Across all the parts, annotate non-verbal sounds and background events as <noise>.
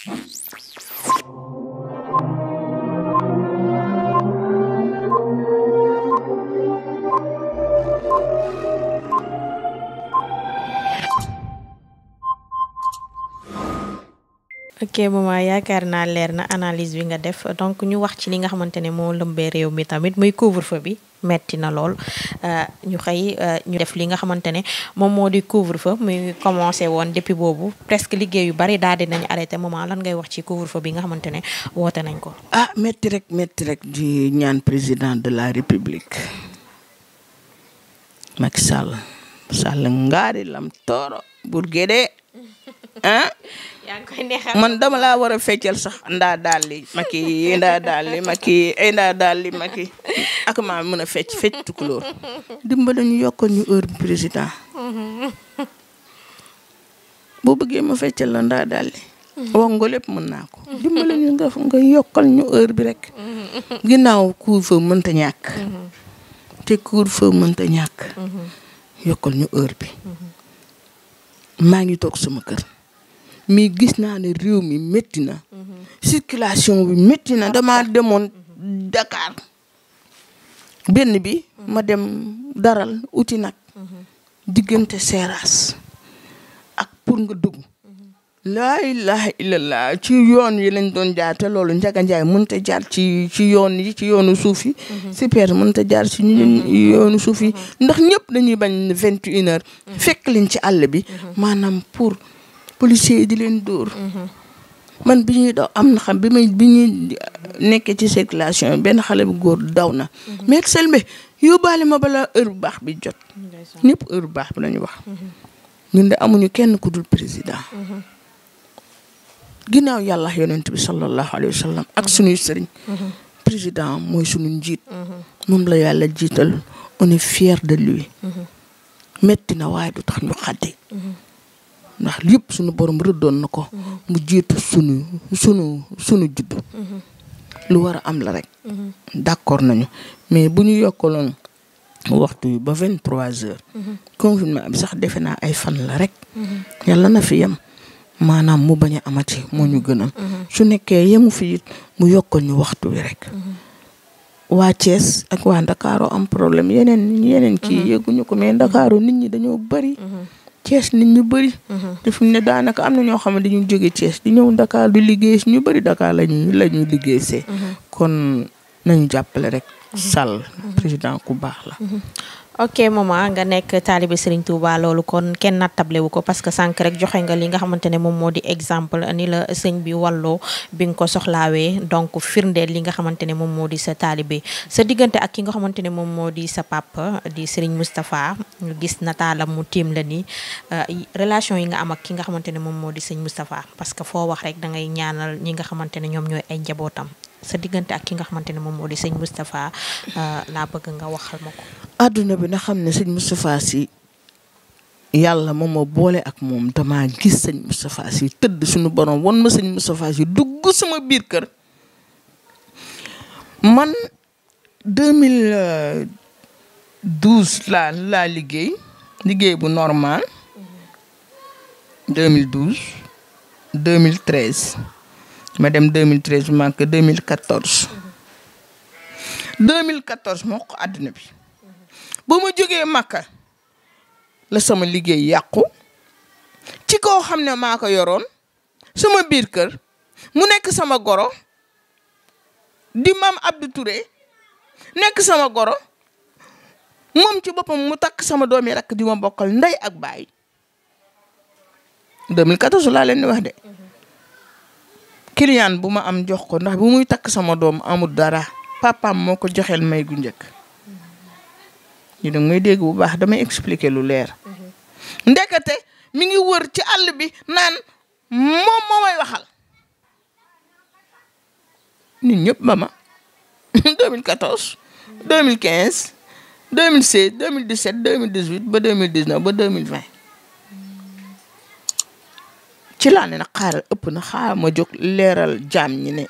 Oke, mama yaakaar naa leer na analyse bi nga def donc ñu wax ci li nga xamante ne moo lëmbee réew metti na lool euh, ñu xëy euh, ñu def li nga xamante ne moom moo di couvre-feu muy commencé woon depuis boobu presque liggéey yu bari daal di nañ arrêté moment lan ngay wax ci couvre-feu bi nga xamante ne woote nañ ko. ah metti rek metti rek ji ñaan président de la république Macky Sall Sall ngaari lam tooro Bourguédé ah man dama laa war a feccal sax ndaa daal li ma kii ndaa daal li ma kii ak maa mën a fecc fecc tukulóor dimbali ñu yokkal ñu heure président boo bëggee ma feccal la ndaa daal li wax nga lépp mën naa ko dimbali ñu nga nga yokkal ñu heure bi rek ginnaaw couvre-feu mënta ñàkk te couvre-feu mënta ñàkk yokkal ñu heure bi maa ngi toog sama kër mais gis naa ne réew mi métti na. circulation bi métti na damaa demoon Dakar benn bi ma dem daral uti nag diggante seraas ak pour nga dugg. laa ilaha illallah ci yoon yi lañ doon jaar te loolu Njaga Njaay mënta jaar ci ci yoon yi ci yoonu suuf yi. Mhm. super mënta jaar ci mhm. yoonu suuf yi mhm. ndax ñëpp dañuy bañ vingt et une ci àll bi. maanaam pour. policiers yi di leen dóor. Mhm. man bi ñuy daw am na xam bi may bi ñuy nekkee ci circulation benn xale bu góor daw na. Mhm. mais Selbe yóbbaale ma balaa heure bu baax bi jot. ñëpp heure bu baax bi lañu wax. Mhm. ñun de amuñu kenn ku dul président. ginnaaw yàlla yonent bi sallallahu alayhi wa sallam ak suñuy sëriñ. président mooy suñu njiit. moom la yàlla jiital on est fier de lui. metti na waaye du tax ñu xàddi. ndax yëpp sunu borom rëddoon na ko. Mhm. mu jiitu sunu sunu sunu judd. Mhm. lu war am la rek. Mhm. d'accord nañu mais bu ñu yokkaloon waxtu yi ba vingt trois heures. confinement sax defe naa ay fan la rek. yàlla na fi yem maanaam mu bañ a amati moo ñu gënal. su fi mu yokkal ñu waxtu wi rek. waa Thiès ak waa Ndakaaru am problème yeneen yeneen kii yëguñu ko mais Ndakaaru nit ñi dañoo bari. Thiès nit ñu bëri. Mhm. te daanaka am na ñoo xam ne dañuy jóge Thiès di ñëw Dakar di liggéey si ñu bari Dakar la ñuy la ñuy liggéey see. Mhm. kon nañu jàppale rek. Mhm. Sall président ku baax la. ok maman nga nekk taalibe Serigne Touba loolu kon kenn nattable wu ko parce que sànq rek joxe nga li nga xamante ne moom moo di exemple ni la sëñ bi walloo bi nga ko soxlaawee donc firndeel li nga xamante ne moom moo di sa taalibe sa diggante ak ki nga xamante ne moom moo di sa papa di seriñ Moustapha ñu gis nataalam mu tiim la ni euh, relation yi nga am ak ki nga xamante ne moom moo di sëñ Moustapha parce que foo wax rek da ngay ñaanal ñi nga xamante ne ñoom ñooy ay njabootam sa digënté ak ki nga xamanténi mom modi moo di sëñ Moustapha bëgg nga waxal mako aduna bi na xamné ne sëñ Moustapha si yalla moom moo boole ak mom dama gis sëñ Moustapha si teud suñu borom won ma sëñ Moustapha si dugg sama biir kër man 2012 la la liggéey liggéey bu normal 2012 2013 ma dem 2013 ma ke 2014 2014 moko aduna bi ba ma jógee Makka la sama liggéey makan ci ko xamne mako yoron sama bir keur mu nek sama goro di mam Abdou Touré nek sama goro mom ci bopam mu tak sama domi rak di mom bokal nday ak 2014 la len wax de kilian buma am jox ko ndax bu muy tak sama dom amul dara papa moko joxel may gu njëkk ñu nag may dégg bu baax dama expliquer lu leer ndekete mi ngi wër ci all bi nan mom moo may waxal ni ñepp ba 2014 2015 2016 2017 2018 ba 2019 ba 2020 ci laa ne nag ëpp na xaaral ma jóg leeral jaam ñi ne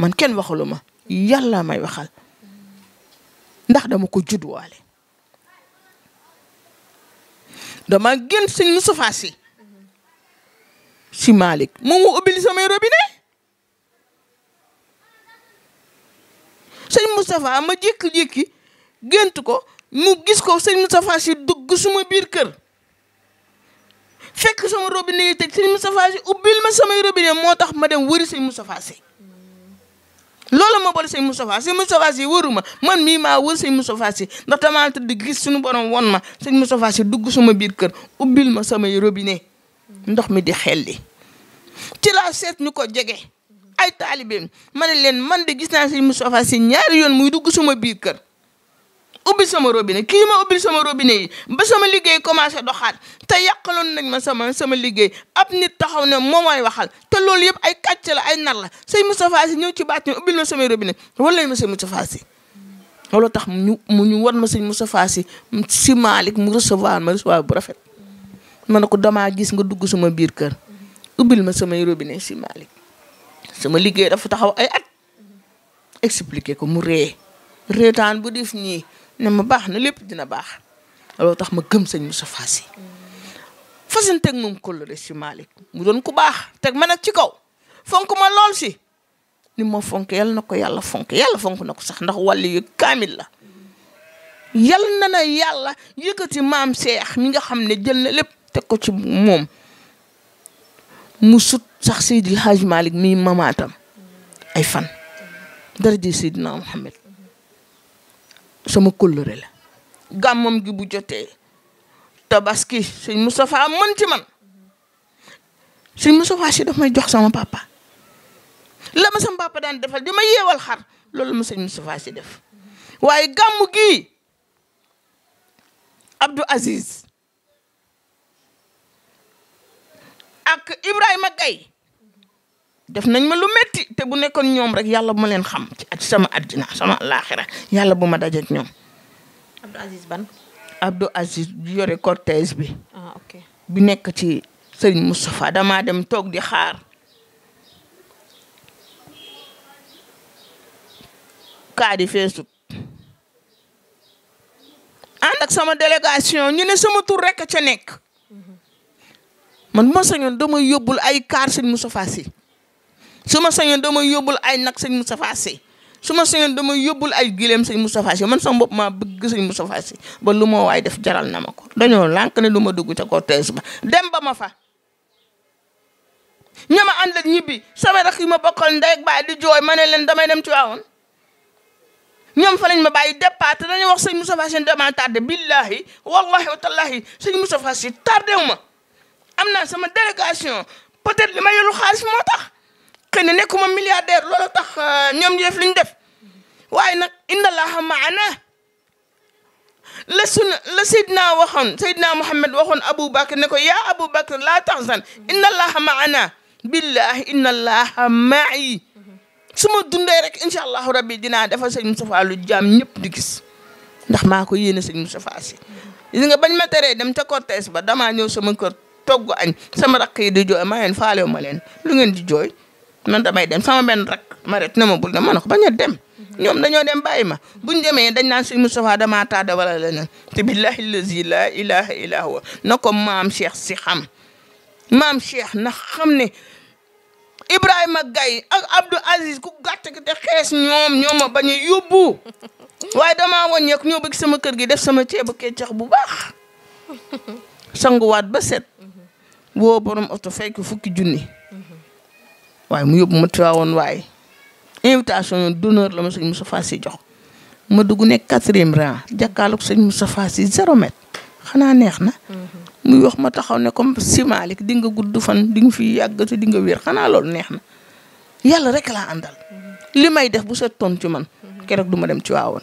man kenn waxalu ma yàlla may waxal ndax dama ko judduwaale dama gën sëñ Moustapha Sy si Malick moom mu ubbil samay robinet sëñ Moustapha ma jékki-jékki gént ko mu gis ko sëñ Moustapha Sy dugg suma biir kër fekk sama robinet yi tëj sëñ Moustapha ma samay robinet moo tax ma dem wëri sëñ Moustapha Sy loolu ma boole sëñ Moustapha sëñ Moustapha Sy ma man mii ma wër sëñ Moustapha Sy ndax damaa tëdd gis suñu borom won ma sëñ Moustapha Sy dugg sama biir kër ubbil ma samay robinet ndox mi di xelli ci seet nu ko jege ay taalibeem ma ne leen man de gis naa sëñ Moustapha ñaari yoon muy dugg sama biir kër ubbi sama robinet kii ma ubbil sama robinet yi ba sama liggéey commencé doxaat te yàqaloon nañ ma sama sama liggéey ab nit taxaw ne moom mooy waxal te loolu yëpp ay kàcc la ay nar la sëñ Moustapha Sy ñëw ci baat ñu ubbil ma sama robinet wala lañ ma sëñ Moustapha Sy loolu tax mu mu ñu war ma sëñ Moustapha Sy si malik mu recevoir ma recevoir bu rafet ma ne ko damaa gis nga dugg sama biir kër ubbil ma sama robinet si malik sama liggéey dafa taxaw ay at expliquer ko mu ree reetaan bu def ñii ne ma baax na lépp dina baax loo tax ma gëm sëñ Moussa Fassi fasin teg moom kóllëre si Malick mu doon ku baax teg ma nag ci kaw fonk ma lool si ni ma fonk yal na ko yàlla fonk yàlla fonk na ko sax ndax wàll yu kaamil la yal na na yàlla yëkkati maam seex mi nga xam ne jël na lépp teg ko ci moom mu sut sax Seydil Hadj Malick mi mamaatam ay fan dara ji Seydina Mouhamed sama kóllëre la gàmmam gi bu jotee tabaski sëñ Moustapha mën ci man sëñ Moustapha si daf may jox sama papa la ma sama papa daan defal di ma yeewal xar loolu ma sëñ Moustapha si def waaye gàmmu gi Abdou Aziz ak Ibrahima Gaye def nañ ma lu métti te bu nekkoon ñoom rek yàlla bu ma leen xam ci sama addina sama laaxira yàlla bu ma dajeeg ñoom. Abdou Aziz ban. Abdou Aziz yore cortège bi. ah ok bi nekk ci Serigne Moustapha damaa dem toog di xaar. kaadi feesut ànd ak sama délégation ñu ne sama tur rekk a ca nekk mhm. man bu ma sañoon damay yóbbul ay kaar Serigne Moustapha si su ma sañoon damay yóbbul ay nag sëñ Moustapha Sy su ma sañoon damay yóbbul ay gileem sëñ Moustapha Sy man sama bopp maa bëgg sëñ Moustapha Sy lu ma waay def jaral na ma ko dañoo lànk ne lu ma dugg ca cortège ba dem ba ma fa ña ma àndal ñibbi sama rak yi ma bokkal ndey ak di jooy ma ne leen damay dem ci waawoon ñoom fa lañ ma bàyyi départ dañuy wax sëñ Moustapha Sy dama tardé billahi wallahi wa tallahi sëñ Moustapha Sy tardé wu ma am naa sama délégation peut-être ma yolu xëy na nekkuma milliardaire loolu tax ñoom ñu def li ñu def waaye nag inna allaha maana la sunu la sidna waxoon Seydina Mouhamed waxoon Aboubacar ne ko ya abou bakr laa tahzan inna allaha maana billahi inna allaha ma'i suma ma dundee rek incha allahu rabbi dinaa defal sëñ Moustapha lu jaam ñëpp di gis ndax maa ko yéene sëñ Moustapha si gis nga bañ ma teree dem ca cortège ba damaa ñëw sama kër togg añ sama rakk yi di jooy ma leen faalew ma leen lu ngeen di jooy man damay dem sama benn rek ma ret na ma bul dem ma ne ko bañ a dem ñoom dañoo dem bàyyi ma buñ demee dañ naan sëñ Moustapha damaa tàdda wala leneen te billahi lazi la ilaha illa na ko maam Cheikh si xam maam Cheikh na xam ne Ibrahima Gaye ak Abdou Aziz ku gàtt ki te xees ñoom ñoom ma bañ a yóbbu waaye damaa wàññeeku ñoo bëgg sama kër gi def sama ceebu keccax bu baax sanguwaat ba set woo borom oto fay ko fukki junni waaye mu yóbbu ma Tiwaawoon waaye invitation yoon d'honneur la ma sëñ Moustapha Sy jox ma dugg ne quatrième rang jàkkaarloog sëñ Moustapha Sy zéro mètre xanaa neex na. Mhm. muy wax ma taxaw ne comme si Malick di nga gudd fan di fi yàgg te di nga wér xanaa loolu neex na yàlla rek laa àndal. Mhm. li may def bu set toon ci man. Mhm. keroog du ma dem Tiwaawoon.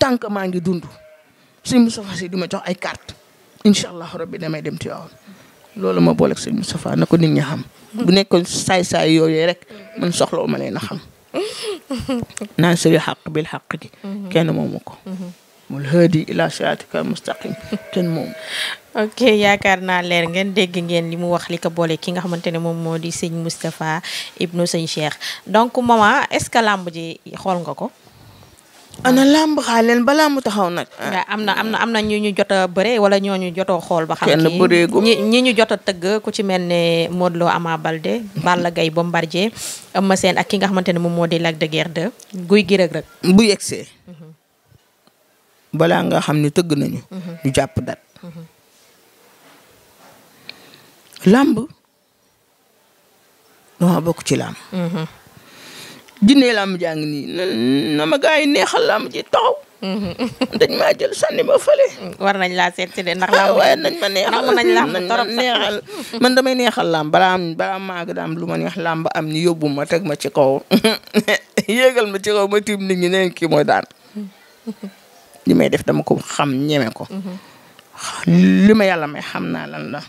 tant que maa ngi dund sëñ Moustapha di ma jox ay carte incha allah rabbi damay dem Tiwaawoon. loolu ma booleeg sëñ Moustapha na ko nit ñi xam. bu nekkoon saay-saay yooyu rek man soxlawu ma leen a xam. naan sëri xaq bil xaq ji. kenn moomu ko. mul yaakaar naa leer ngeen dégg ngeen li mu wax li ko boole ki nga xamante ne moom moo di sëñ Moustapha ibnu sëñ Cheikh donc maman est-ce que làmb ji xool nga ko. ana làmb xaar leen balaa mu taxaw nag. am na am na am na ñu ñu jot a bëre wala ñoo ñu jotoo xool. ba xam kenn ñi ñu jot a tëgg ku ci mel ne Modou Lo Ama Balde. Balla Gaye Bombardier. Eumeu Sène ak ki nga xamante ne moom moo di Lac de Guiers guy gi rek rek. bu yegsee. Mhm. balaa nga xam ne tëgg nañu. Mhm. ñu jàpp dat. Mhm. làmb. dama bokk ci làmb. jinne làmb jaa ngi nii na ma gars neexal làmb ji taxaw. Mhm. dañ maa jël sànni ma fële. war nañ laa seet si de ndax ah, làmb waaye nañ ma neexal nañ man damay neexal làmb balaa am maag daam lu ma neex làmb am ñu yóbbu ma teg ma ci kaw <laughs> yéegal ma ci kaw ma tiim nit ñi ne kii mooy daan. <laughs> li may def dama ko xam ñeme ko. Mhm. li ma yàlla may xam naa lan la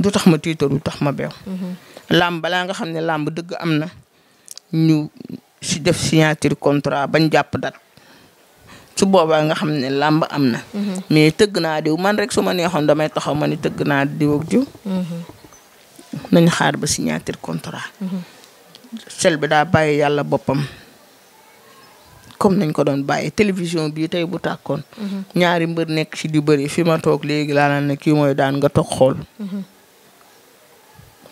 du tax ma tiitaru du tax ma beew. Mhm. làmb balaa nga xam ne làmb dëgg am na. ñu ci def signature contrat bañ japp dat su boba nga xamne lamb amna mhm. mais teug na diw man rek suma neexon damay taxaw man teug na diw ak diw mhm. nañ xaar ba signature contrat mhm. sel bi da baye yalla bopam comme nañ ko don baye télévision bi tay bu takkon ñaari mbeur nek si di beuri fi ma tok legui la nan ki moy daan nga toog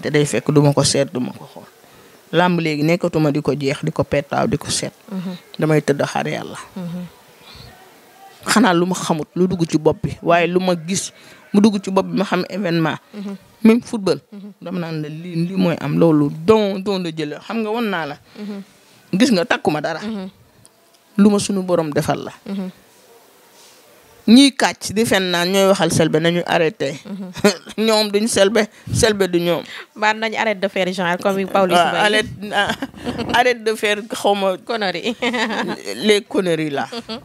te day fekk duma ko duma ko xol làmb léegi nekkatuma di ko jeex di ko pettaaw di ko seet. Mhm. damay tëdd xaar yàlla. Mhm. xanaa lu ma xamut lu dugg ci bopp bi waaye lu ma gis mu dugg ci bopp bi ma xam événement. Mhm. même football. dama naan la lii mooy am loolu don don la jëlee xam nga won naa la. gis nga takkuma dara. lu ma sunu borom defal la. ñiy kàcc di fen naan ñooy waxal selbe nañu arrêté. Mhm. <laughs> ñoom duñ selbe selbe du ñoom. mbaa nañu arrête de faire genre comme ah, Pawlish Mbaye. arrête ah, <laughs> arrête de faire xaw connerie <laughs> les conneries là. Mhm.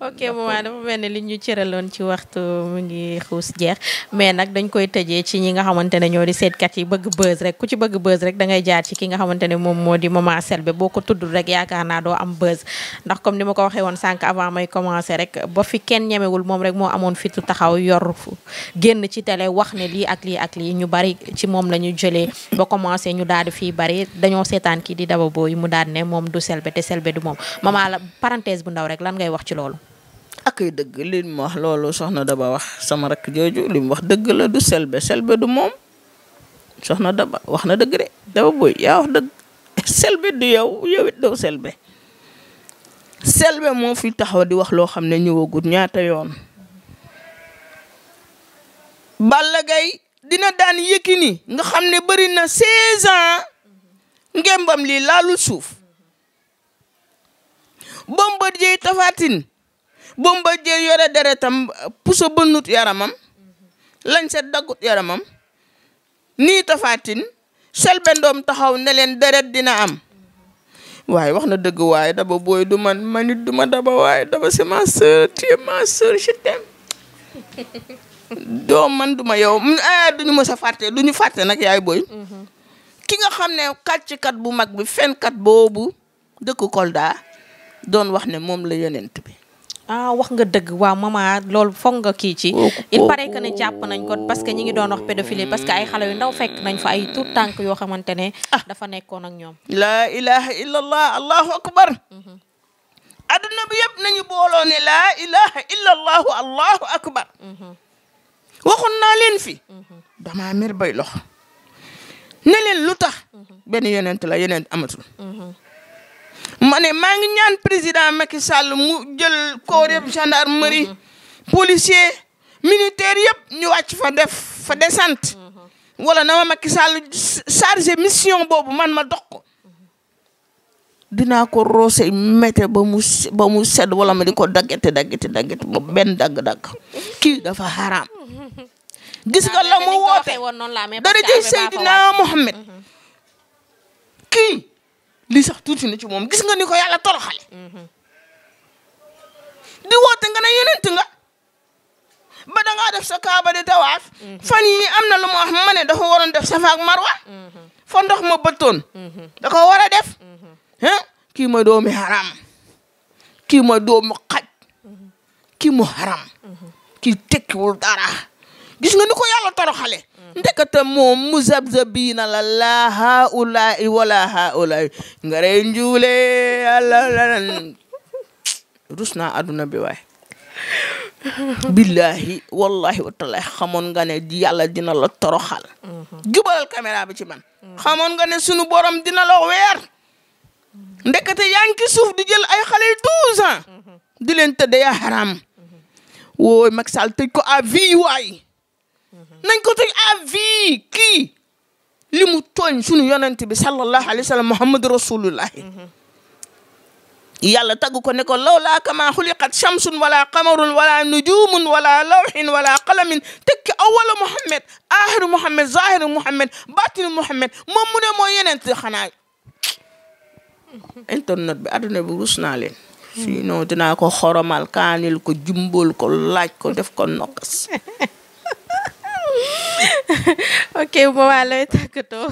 ok maman dafa mel ne li ñu loon ci waxtu mu ngi xuus jeex mais nag dañ koy tëjee ci ñi nga xamante ne ñoo di seetkat yi bëgg buzz rek ku ci bëgg buzz rek da ngay jaar ci ki nga xamante ne moom moo di maman Selbé boo ko tudd rek yaakaar naa doo am buzz ndax comme ni ma ko waxee woon sànq avant may commencé rek ba fi kenn ñemewul moom rek moo amoon fitu taxaw yor génn ci télé wax ne lii ak lii ak lii ñu bari ci moom la ñu jëlee ba commencé ñu daal di fii bari dañoo seetaan kii di Daba yi mu daal ne moom du Selbé te Selbé du moom maman la parenthèse bu ndaw rek lan ngay wax ci loolu akay deug li lo wax lolu soxna daba wax sama rakk joju li mu wax deug la du selbe selbe du mom soxna daba waxna na re daba boy ya wax deug selbe du yow yow do selbe selbe mo fi taxaw di wax lo xamne ñu wogut ñaata yoon Balla gay dina daan yekini nga xamne bari na 16 ans ngembam lii laalu suuf Bombardier tafatine Bombardier yore deretam puso bënnut yaramam lañ set daggut yaramam nii tafaatin Selbé Ndom taxaw ne leen deret dina am waaye wax na dëgg waaye daba booy du man manit du ma daba waaye daba c'est ma sœur ma sœur je t'aime doo man duma yow mm, ah duñu mës a fàtte duñu fàtte nag yaay booy ki nga xam ne kàcckat bu mag bi fenkat boobu dëkk Kolda doon wax ne moom la yonent bi ah wax nga dëgg waa maman loolu foog nga kii ci oh, oh, il paraît que ne jàpp nañ ko parce que ñi ngi doon wax pédophilie parce que ay xale yu ndaw fekk nañ fa ay tout tànk yoo xamante ne ah. dafa nekkoon ak ñoom laa ilaha illallah allahu akbar mhm. adduna bi yëpp nañu laa ilaha illallah allahu akbar mhm. waxoon naa leen fi mhm. damaa mer bay lox ne lu tax benn yonent la yonent amatul ma ne maa ngi ñaan président Macky Sall mu jël corps yëpp gendarmerie policier militaire yëpp ñu wàcc fa def fa descente wala na ma Macky Sall mission boobu man ma dox ko dinaa ko roose mété ba mu sedd wala ma di ko daggete daggete daggete ba benn dagg-dagg kii dafa xaraam gis nga la mu woote dara jëy Seydina Mohamed mm-hmm. kii lii sax tuuti na ci moom gis nga ni ko yàlla toroxale di woote nga ne yonent nga ba da def sa kaaba di tawaaf mhm. fan yi am na lu ma wax ma ne dafa waroon def safa ak marwa mhm. fa ndox ma bëttoon mhm. da ko war a def ah kii ma doomi haram kii ma doomu xaj kii mu haram kii tekkiwul dara gis nga ni ko yàlla toroxale ndekete moom mu zabzabiina la laa haulaai wala haulaai nga rey njuule yàlla lalan rus naa adduna bi waay wallahi wa taala xamoon nga ne yàlla dina la toroxal jubalal caméra bi ci man xamoon nga ne sunu borom dina la weer ndekete yaa ngi di jël ay xale yu di leen tëddee yaa haram wooy Macky Sall tëj waay ننكتي أبي كي لموتون شنو يننتي بسال الله عليه وسلم محمد رسول الله يلا تقو كنك الله لا كما خلقت شمس ولا قمر ولا نجوم ولا لوح ولا قلم تك أول محمد آخر محمد ظاهر محمد باطن محمد ممنا ما يننتي خناي انترنت بي ادنا بروسنا لين سينو دنا كو خرمال كانيل كو جمبول كو لاج كو ديف كو نوكس ok boobaa looy tàggatoo.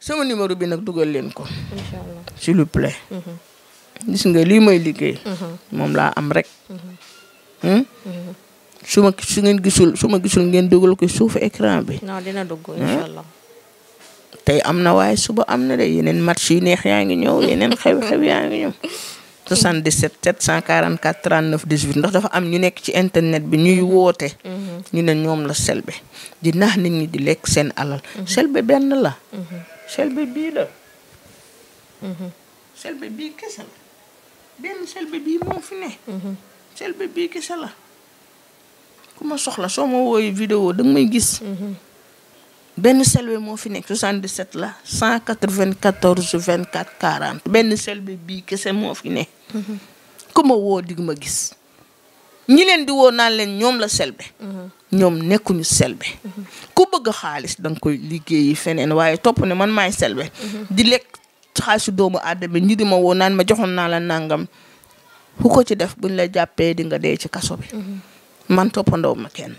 sama numéro bi nag dugal leen ko. incha allah s'il mhm. gis nga lii may liggéey. Mhm. moom laa am rek. Mhm. Hmm? su ma su ngeen gisul su ma gisul ngeen dugal ko suuf écran bi. non dina dugg hmm? am na waaye suba am na de yeneen match yu neex yaa ngi ñëw yeneen xew-xew yaa ngi ñëw. 77 744 39 18 ndax dafa am ñu nekk ci internet bi ñuy woote. Mhm. ñu ne ñoom la selbe di nax nit ñi di lekk seen alal. Mhm. selbe benn la. Mhm. selbe bii la. la benn selbe bii moo fi ne. selbe bii kese la ku ma soxla soo ma wooyee vidéo danga may gis. benn sel moo fi nekk 77 la 194 24 40 benn selbe bii kese moo fi ne ku ma woo digg ma gis. ñi leen di woo naan leen ñoom la selbe ñoom nekkuñu selbe ku bëgg xaalis danga koy liggéeyi feneen waaye topp ne man maay selbe di lekk xaalisu doomu aadama ñi di ma woo naan ma joxoon naa la nangam ku ko ci def buñ la jàppee di nga dee ci kaso bi man toppandoo ma kenn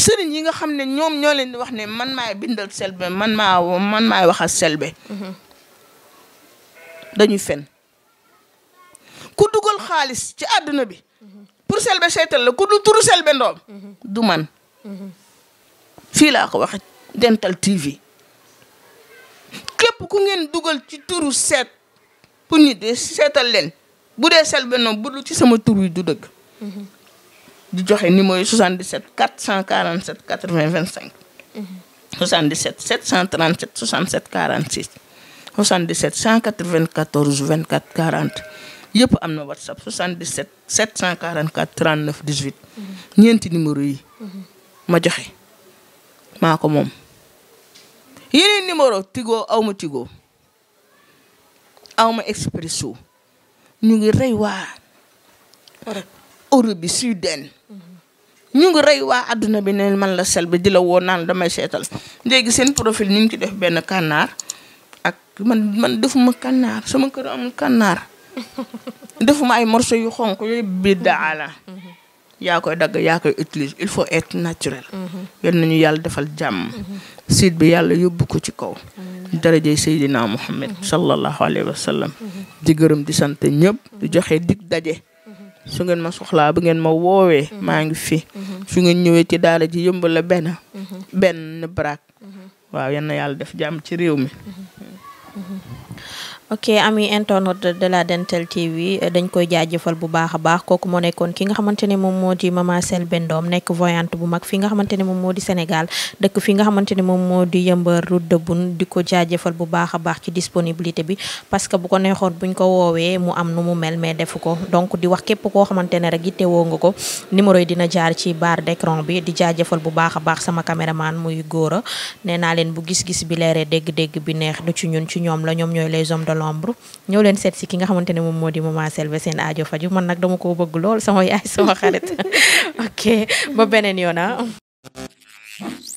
sëriñ yi nga xam ne ñoom ñoo leen di wax ne man maay bindal selbe man maa man maay waxal selbe mhm. dañuy fen ku dugal xaalis ci àdduna bi mhm. pour selbe seytal la ku du turu selbe ndoom mhm. du man fii laa ko waxe dental tv képp ku ngeen dugal ci turu set pour ñu dee seetal leen bu dee selbe ndoom bu dul ci sama tur yi du dëgg di joxe numéro yi 77 447 80 25. 77 737 67 46 77 194 24 40 yëpp am na whatsapp 77 744 39 18. ñeenti numéro yi. ma joxe maa ko moom. yeneen numéro Tigo aw ma Tigo aw ma Expresso ñu ngi rey waa Europe bi Suède ñu ngi rey waa àdduna bi ne man la sel bi di la woo naan damay seetal léegi seen profil ñu ngi ci def benn kànnaar ak man man defuma kànnaar sama kër amul kànnaar <laughs> defuma ay morceau yu xonq yooyu biddaa la mm-hmm. Mm-hmm. yaa koy dagg yaa koy utiliser il faut être naturel mm-hmm. yal nañu yàlla defal jàmm siit bi yàlla yóbbu ko ci kaw darajey Seydina Muhammad sallallahu alayhi wa sallam di gërëm di sant ñëpp daje su ngeen ma soxlaa bu ngeen ma woowee. Mhm. maa ngi fi. Mhm. su ngeen ñëwee ci daara ji yëmbal la benn. Mhm. benn braak. waaw yal na yàlla def jàmm ci réew mi. ok ami internet de la Dental TV eh, dañ koy jaajëfal bu baax a baax kooku moo nekkoon ki nga xamante ne moom moo di Mama Selbé Ndom nekk voyante bu mag fi nga xamante ne moom moo di Sénégal dëkk fi nga xamante ne moom moo di yëmbar route de di ko jaajëfal bu baax a baax ci disponibilité bi parce que bu ko neexoon buñ ko woowee mu am nu mu mel mais defu ko donc di wax képp koo xamante ne rek yittewoo nga ko numéro yi dina jaar ci barre d'écran bi di jaajëfal bu baax a baax sama caméraman muy góor a naa leen bu gis-gis bi leeree dégg-dégg bi neex du ci ci ñoom la ñoom ñooy les hommes de l'ombre ñëw leen seet si ki nga xamante ne moom moo di Mama Selbé seen aajo faju man nag dama koo bëgg lool sama yaay sama xarit <laughs> ok ba beneen yoon ah.